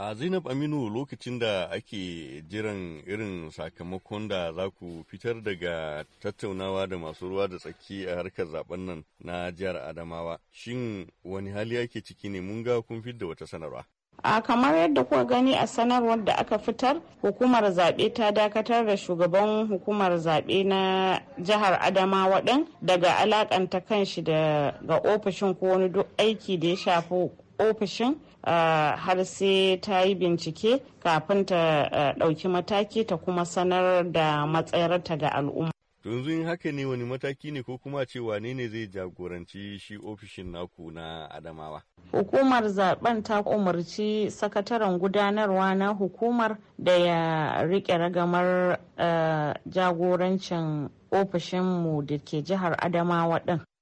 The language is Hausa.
A Zainab Aminu lokacin da ake jiran irin sakamakon da za ku fitar daga tattaunawa da masu ruwa da tsaki a harkar zaben nan na jihar Adamawa, shin wani hali ake ciki ne mun ga kun da wata sanarwa? A kamar yadda kuka gani a sanarwar da aka fitar, hukumar zaɓe ta dakatar da shugaban hukumar zaɓe na jihar Adamawa ɗin daga alakanta kanshi da ga ofishin ko wani duk aiki da ya shafi ofishin uh, har sai ta yi bincike kafin ta uh, ɗauki mataki ta kuma sanar da matsayarta ga al'umma. yanzu in haka ne wani mataki ne ko kuma ce wane ne zai jagoranci shi ofishin naku na adamawa hukumar zaben ta umarci sakataren gudanarwa na hukumar da ya rike ragamar uh, jagorancin ofishinmu da ke jihar adamawa din